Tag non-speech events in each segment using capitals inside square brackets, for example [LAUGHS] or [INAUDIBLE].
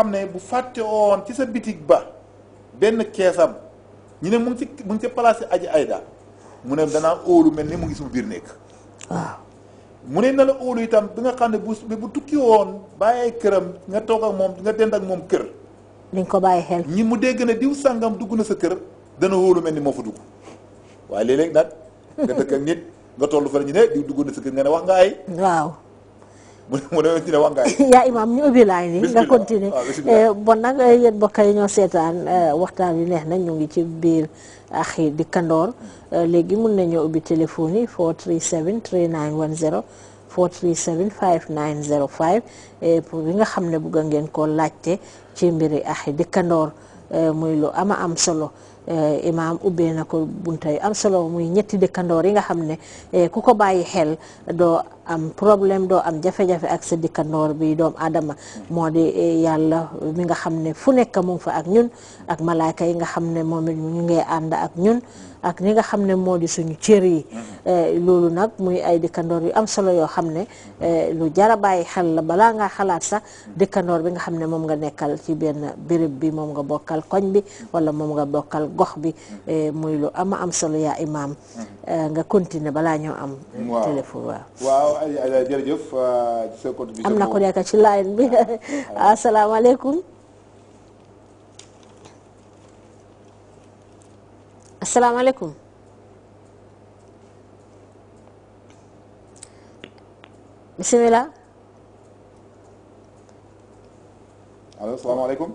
xam ne bu fàtte woon ci sa bitig ba benn keesam ñu ne mu ngi ci mu ngi ci ayda mu ne danaa óolu mel ni mu biir nekk ah. mu ne na la óolu itam bi nga xam ne bu tukki woon bàyyee këram nga toog ak moom nga dend ak moom kër dañ ko bàyyi xel ñi mu dégg ne diw sàngam dugg na sa kër dana óolu mel ni moo fa dugg waaye léeg-léeg nag nga dëkk nit nga tollu fa ñu ne diw dugg na sa kër nga ne wax nga ay waaw mu ne dina wax gaa yi [LAUGHS] yaa imaam ñu ubbi laay nii nga continuer ah, eh, bon nag eh, yéen mbokk yi ñoo seetaan eh, waxtaan wi neex na ñu ngi ci biir axi dikkandoor léegi mun nañoo ubbi téléphone yi 437 3910 437 5905 pour bi nga xam ne bëgg ngeen koo laajte ci mbiri axi dikkandoor muy lu ama am solo imaam ubbee na ko bunta yu am solo muy ñetti dëkkandoor yi nga xam ne ku ko bàyyi xel doo am problème doo am jafe-jafe ak sa dikkandoor bi doom aadama moo di eh, yàlla mi nga xam ne fu nekk mu fa ak ñun ak malaayka yi nga xam ne moom it ñu ngi ànd ak ñun ak ñi nga xam ne moo di suñu cër yi mm-hmm. eh, loolu nag muy ay dëkkandoor yu am solo yoo xam ne eh, lu jara bàyyi xel la balaa ngaa xalaat sax dëkkandoor bi nga xam ne moom nga nekkal ci benn béréb bi moom nga bokkal koñ bi wala moom nga bokkal gox bi muy lu ama am solo yaa imaam mm-hmm. nga continuer balaa ñoo am téléphone waaw waaw jërëjëf euh, ci sa contribution am na ko nekk ci line bi [LAUGHS] asalaamaaleykum asalaamaaleykum bisimilah. allo salaamaaleykum.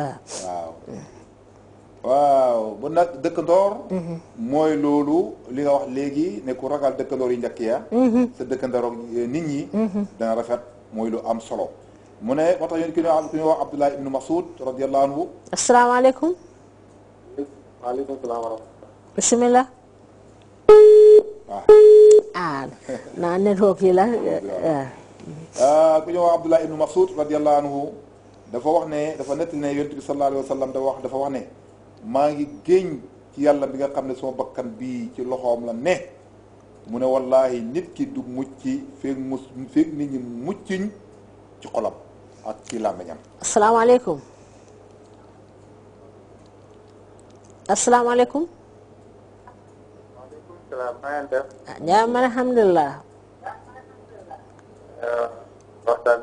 Ah, ah waaw. waaw ba nag dëkkandoor mooy loolu li nga wax léegi ne ku ragal dëkkandoor yi njëkk ya sa dëkkandoor nit ñi dana rafet mooy lu am solo mu ne moo tax ñun ki ñu wax ki ñu wax Abdullah ibnu Masud radiallahu anhu asalaamaaleykum waaleykum salaam wa rahmatulah bisimilah ah naa network yi la ku ñu wax Abdullah ibnu Masud radiallahu anhu dafa wax ne dafa nettali ne yonent bi sallallahu alayhi wa sallam dafa wax dafa wax ne maa ngi géñ ci yàlla bi nga xam ne sama bakkan bii ci loxoom la ne mu ne wallaahi nit ki du mucc feeg mus feeg nit ñi mucciñ ci xolam ak ci làmmiñam asalaamaaleykum asalaamaaleykum maaleykum salaam ah, jaam alhamdulilah uh, waxtaan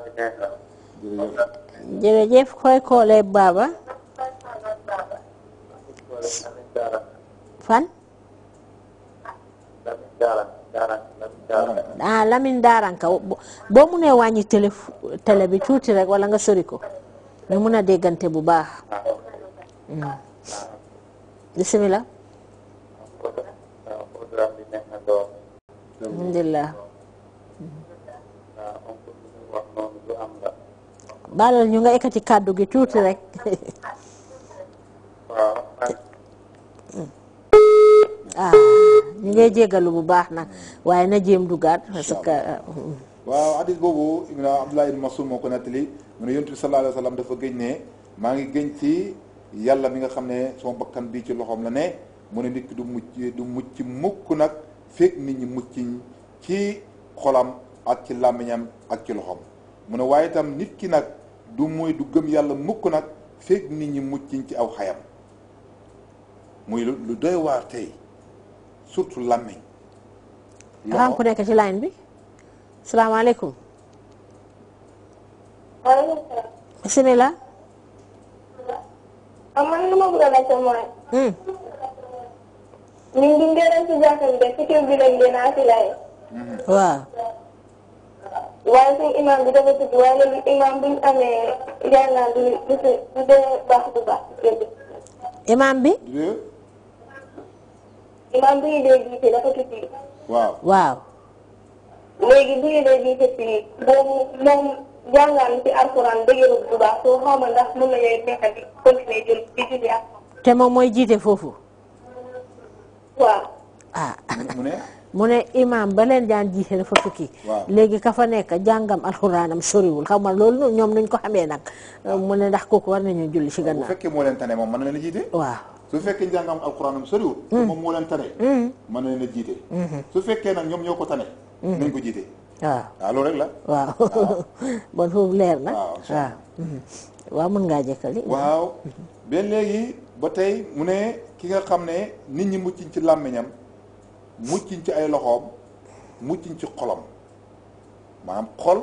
bi koy koolee baaba fan ah Lamine Daaranka boo mu nee wàññi télé télé bi tuuti rek wala nga sori ko ñu mun a déggante bu baax hmm. bisimilah alhamdulilah hmm. ñu nga ekkati kàddu gi tuuti rek [LAUGHS] ñu lay jéggalu bu baax nag mm. waaye na jéem dugaat parce que mm. waaw hadis boobu ibn Abdullah ibn Mas'ud moo ko nettali mu ne yonent bi sallallahu dafa gëñ maa ngi gëñ ci yàlla mi nga xam ne sama bakkan bii ci loxoom la ne mu ne nit ki du mucc du mucc mukk nag fekk nit ñi mucciñ ci xolam ak ci làmmiñam ak ci loxoom mu ne nit ki nag du muy gëm yàlla mukk nag fekk nit ñi mucciñ ci aw xayam muy lu doy waar tey surtout làmmiñ. dafa am ku nekk ci line bi salaamaaleykum. maaleykum salaam. bisimilah. waaw man li ma bëgg a laajte mooy. Hmm. ñu ngi njëriñ si jàkka bi de si kër bi lañ gën a asilaay. waaw. waaye suñu imam bi dafa tudd waaye léegi imam bu ñu amee yàlla du du du baax du baax. imam bi. imaam bu ñu dee waaw waaw. léegi bu ñu dee jiite fii boobu moom jàngaan ci alxuraan dëgërul bu baax soo xawma ndax mën nañoo fexe di continuer jël di julli te moom mooy jiite foofu. waaw. ah. [LAUGHS] mu ne imaam ba leen daan jiite dafa tukki léegi ka fa nekk jàngam alxuraanam soriwul xaw ma loolu ñoom nuñ ko xamee nag mu ne ndax kooku war ñu julli si gannaaw bu fekkee moo leen tane moom mën na leen jiite waaw su fekkee njàngam hmm. moo leen tane hmm. na leen jiite hmm. su fekkee nag ñoom ñoo ko tane nañ ko jiite waaw ah, loolu rek la waaw ah. [LAUGHS] bon foofu leer na waaw waaw mën ngaa jëkkali waaw ba léegi ba tey mu ne ki nga xam ne nit ñi mucc ci làmmiñam mucciñ ci ay loxoom mucciñ ci xolam maanaam xol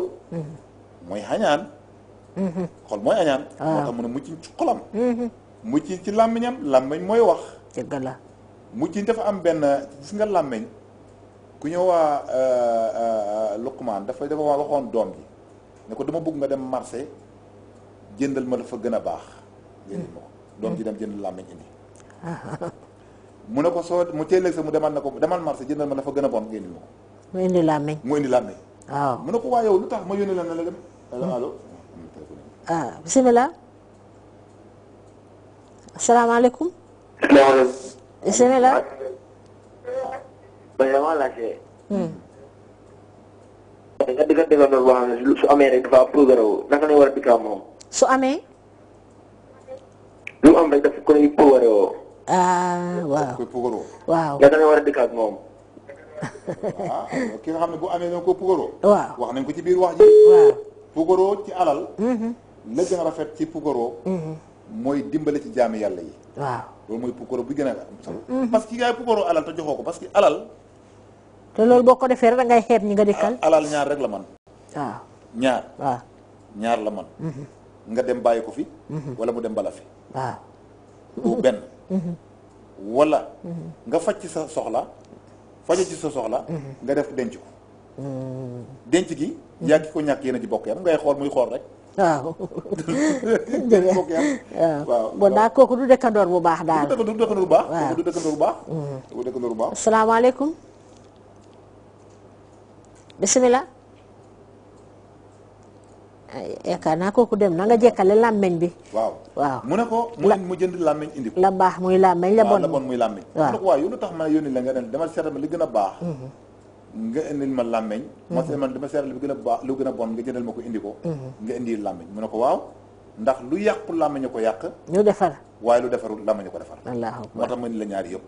mooy xañaan xol mooy añaan ah. moo tax mu ne mucciñ ci xolam mm-hmm. mucciñ ci làmmiñam làmmiñ mooy wax dëgg la mucciñ dafa am benn gis nga làmmiñ ku ñëw waa euh, euh, Luqmaan dafa dafa waxoon doom ji ne ko dama bugg nga dem marché jëndal ma la fa gën a baax mm-hmm. jëndal doom ji dem jënd làmmiñ indi ah. [LAUGHS] mu ne ko soo mu teeléeg sa mu demal na ko demal marché jëndal ma dafa gën a bon ngeen indil ma ko mu indi làmmiñ mu indi làmmiñ waaw mu ne ko waa yow lu tax ma yónni la na la dem allo ah bisimilah asalaamaaleykum salaamaaleykum bisimilah ba dama laajte nga dëgg dëgg noonu boo xam ne su amee rek dafa naka war a dikkaa moom su amee lu am rek dafa ah wow wow puukaroo waaw nga danga war a dëkkaat moom ah ki nga xam ne bu amee danga ko puukaroo waaw wax nañ ko ci biir wax ji waaw puukaroo ci alal mm-hmm. la gën a rafet ci puukaroo mm-hmm. mooy dimbale ci jaami yàlla yi waaw loolu mooy bu gën a am mm-hmm. parce que yaay puukaroo alal te joxoo ko parce que alal te loolu boo ko defee rek da ngay xeeb ñi nga dëkkal alal ñaar rek la man waaw ñaar waaw ñaar la man nga dem bàyyi fi wala mu dem bala fi waaw bu Mm-hmm. wala mm-hmm. nga faj ci sa soxla fajo ci sa soxla mm-hmm. nga def denc ko denc gi yaa ki ko ñàkk yéen a ci bokk yam ngay xool muy xool rek waaw [LAUGHS] bokk bon daal kooku du dëkkandoor bu baax daal du bu baax kooku du dëkkandoor bu baax du dëkkandoor bu yaakaar naa kooku dem na nga jekkale làmmeñ bi. waaw waaw mu ne ko. la mu jënd làmmeñ indi ko. la baax muy làmmeñ la bon la bon muy làmmeñ. waaw waaw yow lu tax ma yónni la nga dem dama seetal ma li gën a baax. Mm-hmm. nga ma làmmeñ. Mm-hmm. ma seet man dama seetal li gën a baax lu gën a bon nga jëndal ma ko indi ko. Mm-hmm. nga indi làmmeñ mu ko waaw. ndax lu yàqu làmmeñ ko yàq. ñu ko defar. wallaahu moo tax ma ni la ñaari yëpp.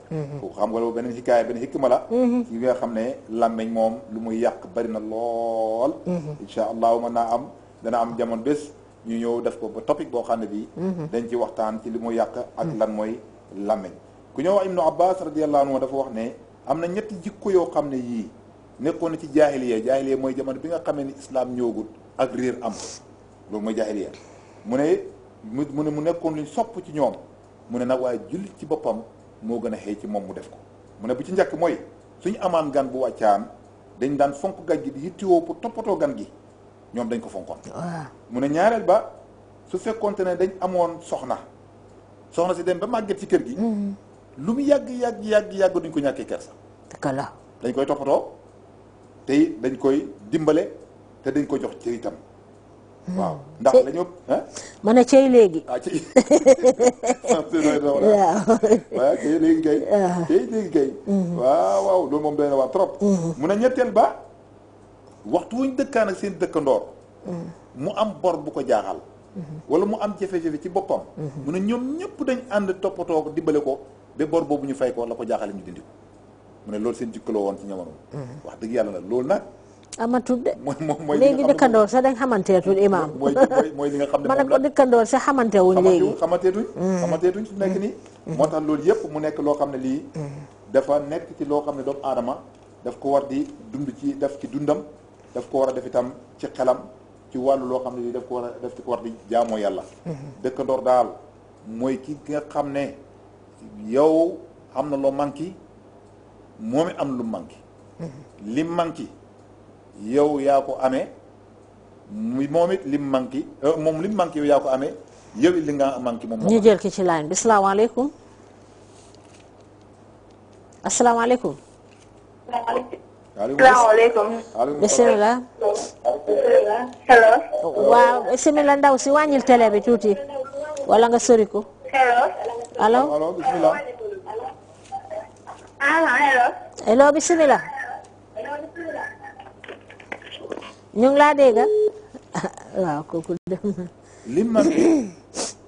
xam nga loolu beneen xikaaya beneen xikma la. yi nga xam ne làmmeñ moom lu muy yàq bari na lool. incha allah naa am dana am jamono bés ñu ñëw def ko ba topic boo xam ne bii mhm. dañ ci waxtaan ci li mu yàq ak mhm. lan mooy làmmiñ ku ñëw wax ibnu abbas radiyallahu anhu dafa wax ne am na ñetti jikko yoo xam ne yii nekkoon na ci jaahiliya jaahiliya mooy jamono bi nga xamee ni islam ñëwagul ak réer am loolu mooy jaahiliya mu ne mu ne mu nekkoon luñ sopp ci ñoom mu ne nag waaye jullit ci boppam moo gën a xëy ci moom mu def ko mu ne bu ci njëkk mooy suñu amaan gan bu wàccaan dañ daan fonk gan gi di yittewoo toppatoo gan gi ñoom dañ ko fonkoon ah. mu ne ñaareel ba su fekkoonte ne dañ amoon soxna soxna si dem ba màgget ci kër gi mm-hmm. lu mu yàgg yàgg yàgg yàgg duñ ko ñàkkee kersa kala dañ koy toppatoo te dañ koy dimbale te dañ ko jox cër itam mm-hmm. waaw ndax la ñu mën a cey léegi ah cey [LAUGHS] [LAUGHS] léegi kay ah. mm-hmm. waaw waaw loolu moom doy na waar trop mun a ñetteel ba waxtu wuñ dëkkaan ak seen dëkkandoor mu am bor bu ko jaaxal wala mu am jafe-jafe ci boppam mu ne ñoom ñëpp dañ ànd toppatoo ko dimbale ko ba bor boobu ñu fay ko la ko jaaxale ñu dindi ko mu seen jikkaloo woon ci ñamono wax dëgg yàlla nag loolu nag amatul de mooy léegi dëkkandoor sax dañ xamanteetul imaam mooy li xam ne ma ne ko dëkkandoor sax xamantewuñ léegi xamanteetuñ xamanteetuñ su nekk nii mm-hmm. moo tax loolu yëpp mu nekk loo xam ne lii mm-hmm. dafa nekk ci loo xam ne doomu aadama daf ko war di dund ci daf ci dundam daf ko war a def itam ci xelam ci wàllu loo xam ne daf ko war a daf ko war di jaamoo yàlla mm-hmm. dëkkandoor daal mooy ki nga xam ne yow am na loo manqué moom it am lu manqué mm-hmm. lim manqué yow yaa ko amee moom it lim manqué euh, moom lim manqué yow yaa ko amee yow it li nga manqué moom ñu jël ki ci line bi salaamaaleykum asalaamaaleykum salaamaaleykum. bisimilah. hello. waaw bisimilah ndaw si wàññil télé bi tuuti. wala nga sori ko. hello. allo. allo bisimilah. Ah, ñu ngi laa dégg waaw kooku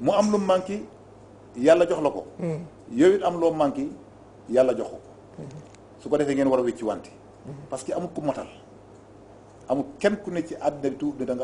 am lu manqué yàlla jox la ko. Hmm. yow yàlla jox ko. su ko defee ngeen war a wécci wante. parce que amul ku motal amul kenn ku ne ci àddina bi di ne da nga